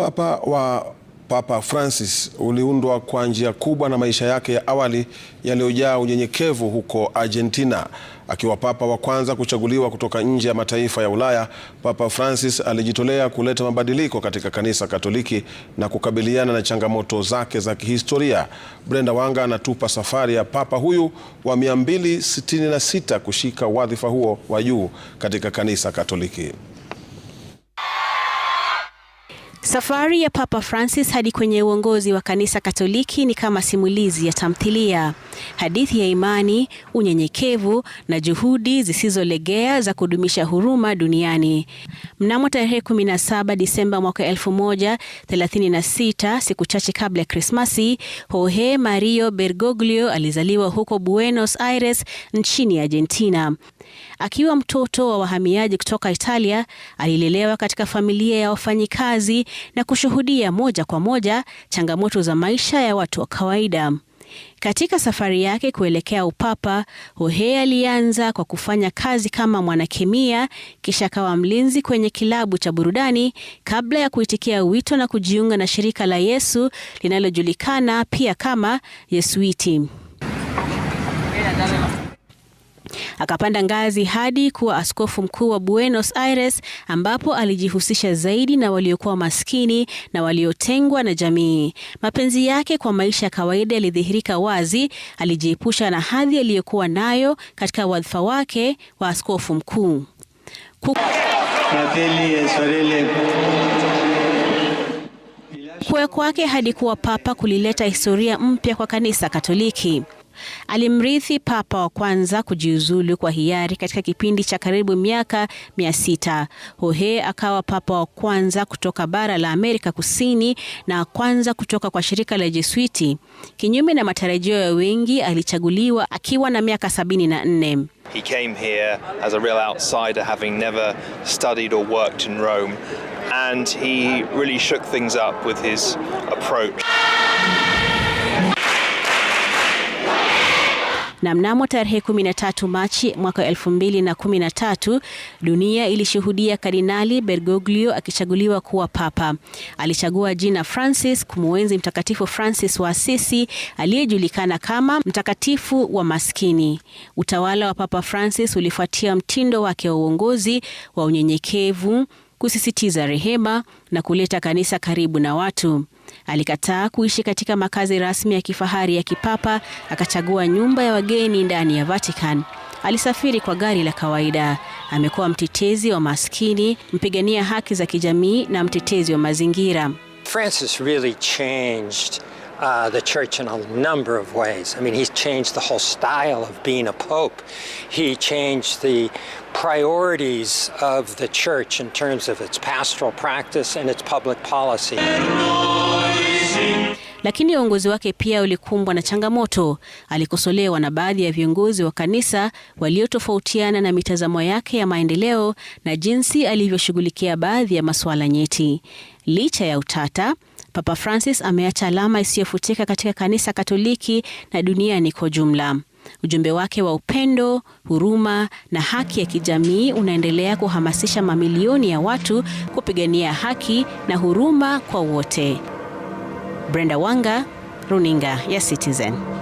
upapa wa Papa Francis uliundwa kwa njia kubwa na maisha yake ya awali yaliyojaa unyenyekevu huko Argentina. Akiwa papa wa kwanza kuchaguliwa kutoka nje ya mataifa ya Ulaya, Papa Francis alijitolea kuleta mabadiliko katika kanisa Katoliki na kukabiliana na changamoto zake za kihistoria. Brenda Wanga anatupa safari ya papa huyu wa 266 kushika wadhifa huo wa juu katika kanisa Katoliki. Safari ya Papa Francis hadi kwenye uongozi wa kanisa Katoliki ni kama simulizi ya tamthilia, hadithi ya imani, unyenyekevu na juhudi zisizolegea za kudumisha huruma duniani. Mnamo tarehe 17 Disemba mwaka 1036, siku chache kabla ya Krismasi, Jorge Mario Bergoglio alizaliwa huko Buenos Aires nchini Argentina. Akiwa mtoto wa wahamiaji kutoka Italia, alilelewa katika familia ya wafanyikazi na kushuhudia moja kwa moja changamoto za maisha ya watu wa kawaida. Katika safari yake kuelekea upapa, Hohe alianza kwa kufanya kazi kama mwanakemia, kisha akawa mlinzi kwenye kilabu cha burudani kabla ya kuitikia wito na kujiunga na shirika la Yesu linalojulikana pia kama Yesuiti. Akapanda ngazi hadi kuwa askofu mkuu wa Buenos Aires ambapo alijihusisha zaidi na waliokuwa maskini na waliotengwa na jamii. Mapenzi yake kwa maisha ya kawaida yalidhihirika wazi, alijiepusha na hadhi aliyokuwa nayo katika wadhifa wake wa askofu mkuu. Kuwa kwake hadi kuwa papa kulileta historia mpya kwa kanisa Katoliki. Alimrithi papa wa kwanza kujiuzulu kwa hiari katika kipindi cha karibu miaka mia sita. Hohe akawa papa wa kwanza kutoka bara la Amerika Kusini na kwanza kutoka kwa shirika la Jesuiti. Kinyume na matarajio ya wengi, alichaguliwa akiwa na miaka 74. He came here as a real outsider having never studied or worked in Rome and he really shook things up with his approach. Na mnamo tarehe 13 Machi mwaka 2013 dunia ilishuhudia Kardinali Bergoglio akichaguliwa kuwa papa. Alichagua jina Francis kumuenzi Mtakatifu Francis wa Asisi aliyejulikana kama mtakatifu wa maskini. Utawala wa Papa Francis ulifuatia mtindo wake wa uongozi wa unyenyekevu kusisitiza rehema na kuleta kanisa karibu na watu. Alikataa kuishi katika makazi rasmi ya kifahari ya kipapa, akachagua nyumba ya wageni ndani ya Vatican. Alisafiri kwa gari la kawaida. Amekuwa mtetezi wa maskini, mpigania haki za kijamii na mtetezi wa mazingira. Francis really changed uh, the church in a number of ways. I mean, he's changed the whole style of being a pope. He changed the priorities of the church in terms of its pastoral practice and its public policy. lakini uongozi wake pia ulikumbwa na changamoto. Alikosolewa na baadhi ya viongozi wa kanisa waliotofautiana na mitazamo yake ya maendeleo na jinsi alivyoshughulikia baadhi ya masuala nyeti. Licha ya utata, Papa Francis ameacha alama isiyofutika katika kanisa Katoliki na duniani kwa jumla. Ujumbe wake wa upendo, huruma na haki ya kijamii unaendelea kuhamasisha mamilioni ya watu kupigania haki na huruma kwa wote. Brenda Wanga, runinga ya Citizen.